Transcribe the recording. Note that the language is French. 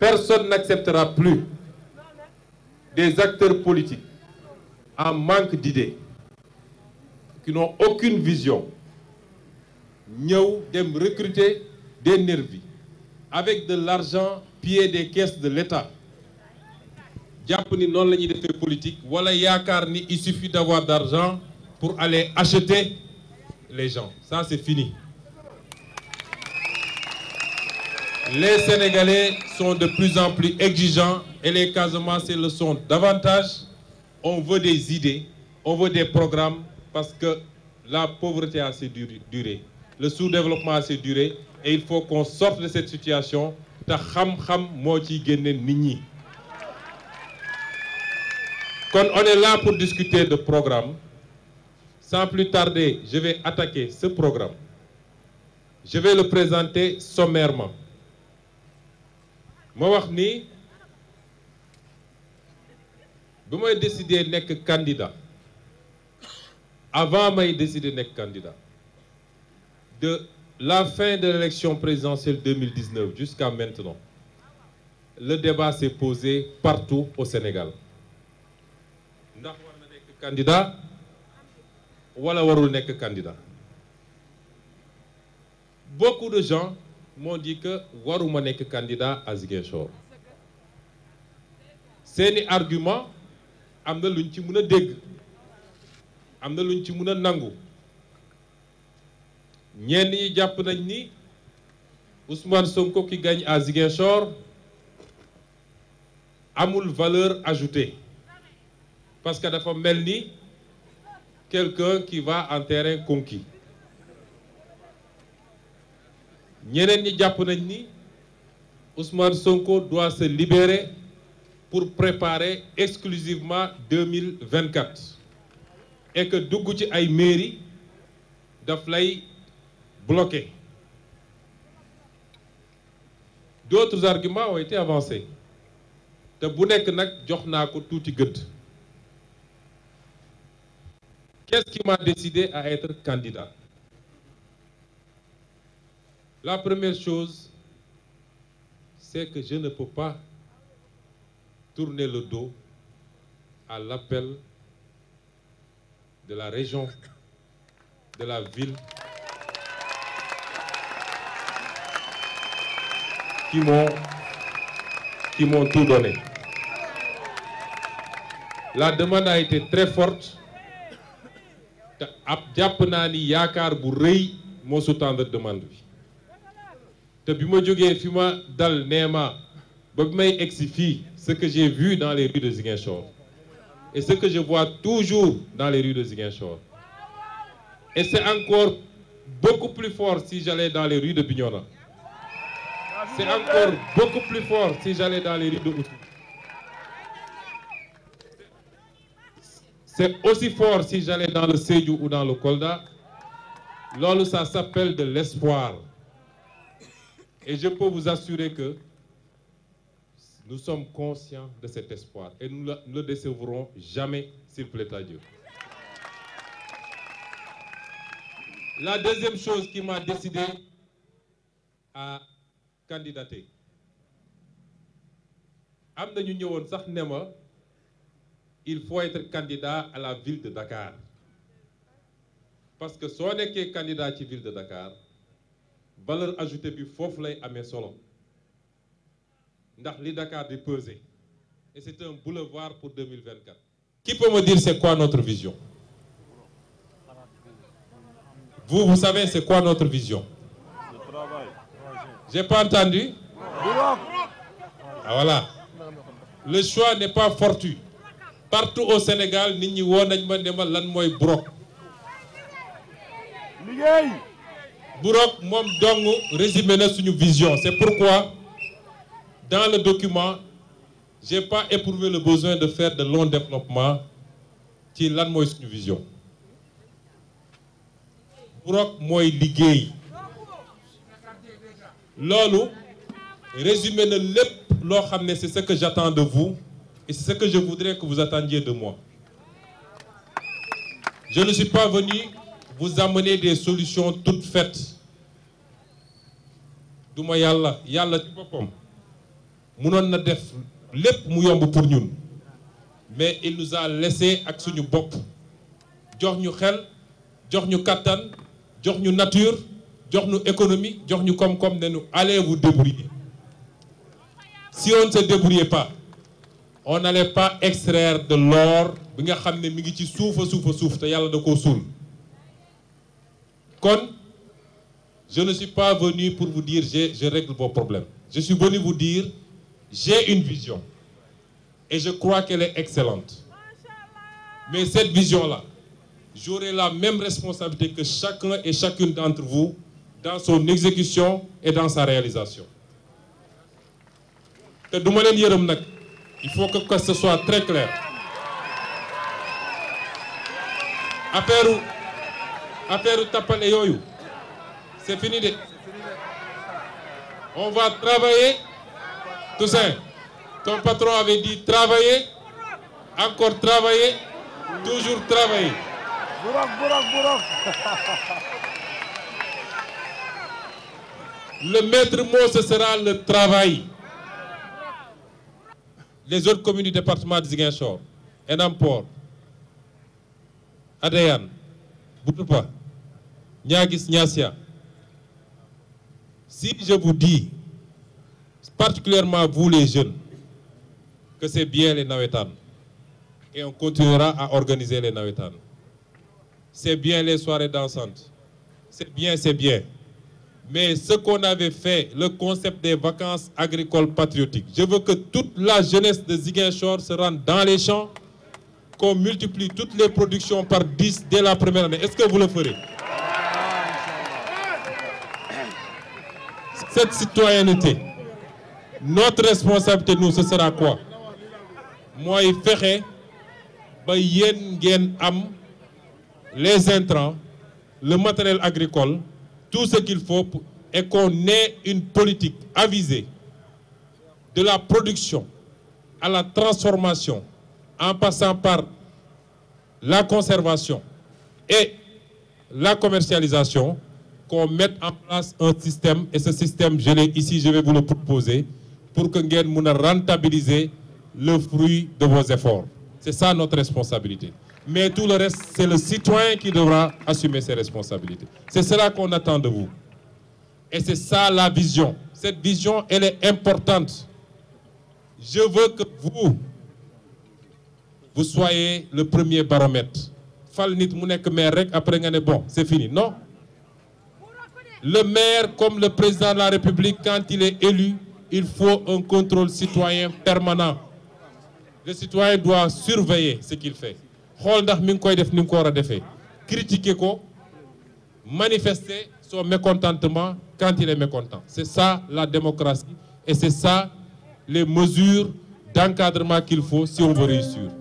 Personne n'acceptera plus des acteurs politiques en manque d'idées, qui n'ont aucune vision, pas dem recruter des nervis avec de l'argent pied des caisses de l'État non politique il suffit d'avoir d'argent pour aller acheter les gens ça c'est fini les Sénégalais sont de plus en plus exigeants et les c'est le sont davantage. On veut des idées, on veut des programmes parce que la pauvreté a assez duré, le sous-développement a assez duré et il faut qu'on sorte de cette situation. Quand on est là pour discuter de programmes, sans plus tarder, je vais attaquer ce programme. Je vais le présenter sommairement. Moi, wax ni bu ne candidat avant ne décider candidat de la fin de l'élection présidentielle 2019 jusqu'à maintenant le débat s'est posé partout au Sénégal ndax candidat wala candidat beaucoup de gens m'ont dit que suis pas candidat à Ziguinchor un argument am luñ ci Ousmane Sonko qui gagne à Ziguinchor amul valeur ajoutée parce qu'à la fois quelqu'un qui va en terrain conquis nous, ñi japp nañ ni Ousmane Sonko doit se libérer pour préparer exclusivement 2024 et que dugg ci ay mairie daf lay bloqué d'autres arguments ont été avancés te bu qu'est-ce qui m'a décidé à être candidat la première chose, c'est que je ne peux pas tourner le dos à l'appel de la région, de la ville, qui m'ont tout donné. La demande a été très forte. Yakar demande ce que j'ai vu dans les rues de Ziguinchor et ce que je vois toujours dans les rues de Ziguinchor et c'est encore beaucoup plus fort si j'allais dans les rues de Bignona c'est encore beaucoup plus fort si j'allais dans les rues de Outou c'est aussi fort si j'allais dans le Sédio ou dans le Kolda où ça s'appelle de l'espoir et je peux vous assurer que nous sommes conscients de cet espoir et nous ne le décevrons jamais s'il plaît à Dieu. La deuxième chose qui m'a décidé à candidater. il faut être candidat à la ville de Dakar. Parce que si on est candidat à la ville de Dakar, valeur ajoutée bi foofu lay mes solo ndax li Dakar di peser et c'est un boulevard pour 2024 qui peut me dire c'est quoi notre vision vous vous savez c'est quoi notre vision j'ai pas entendu ah voilà le choix n'est pas fortuit partout au Sénégal nit ñi wo nañ ma demal lan moy liguey vision c'est pourquoi dans le document je n'ai pas éprouvé le besoin de faire de long développement qui lan une vision résumé le lep, c'est ce que j'attends de vous et c'est ce que je voudrais que vous attendiez de moi je ne suis pas venu vous amenez des solutions toutes faites Douma yalla Yalla. ci bopom. munoon na def lepp mu yomb pour ñun mais il nous a laissé ak suñu bop. jox ñu xel jox ñu kàttan jox ñu nature jox ñu économie jox ñu comme comme ne allez vous débrouiller si on ne se débrouillait pas on n'allait pas extraire de l'or bi nga xam ne mi ngi ci suufa suufa suuf te yàlla da je ne suis pas venu pour vous dire j'ai je règle vos problèmes je suis venu vous dire j'ai une vision et je crois qu'elle est excellente mais cette vision là j'aurai la même responsabilité que chacun et chacune d'entre vous dans son exécution et dans sa réalisation il faut que ce soit très clair affaire c'est fini on va travailler tout Toussaint ton patron avait dit travailler encore travailler toujours travailler le maître mot ce sera le travail les autres communes du département de Ziguinchor Enampor Adéane Boutoupa Niagis Nyasia, si je vous dis, particulièrement vous les jeunes, que c'est bien les Nawetan, et on continuera à organiser les Nawetan. c'est bien les soirées dansantes, c'est bien, c'est bien. Mais ce qu'on avait fait, le concept des vacances agricoles patriotiques, je veux que toute la jeunesse de Ziguinchor se rende dans les champs, qu'on multiplie toutes les productions par 10 dès la première année. Est-ce que vous le ferez cette citoyenneté notre responsabilité nous ce sera quoi Moi, je ferai les intrants le matériel agricole tout ce qu'il faut et qu'on ait une politique avisée de la production à la transformation en passant par la conservation et la commercialisation qu'on mette en place un système, et ce système, je l'ai ici, je vais vous le proposer, pour que vous rentabiliser le fruit de vos efforts. C'est ça notre responsabilité. Mais tout le reste, c'est le citoyen qui devra assumer ses responsabilités. C'est cela qu'on attend de vous. Et c'est ça la vision. Cette vision, elle est importante. Je veux que vous, vous soyez le premier baromètre. Fal nit mu nek rek après êtes bon, c'est fini. Non, le maire, comme le président de la République, quand il est élu, il faut un contrôle citoyen permanent. Le citoyen doit surveiller ce qu'il fait. critiquer manifester son mécontentement quand il est mécontent c'est ça la démocratie et c'est ça les mesures d'encadrement qu'il faut si on veut réussir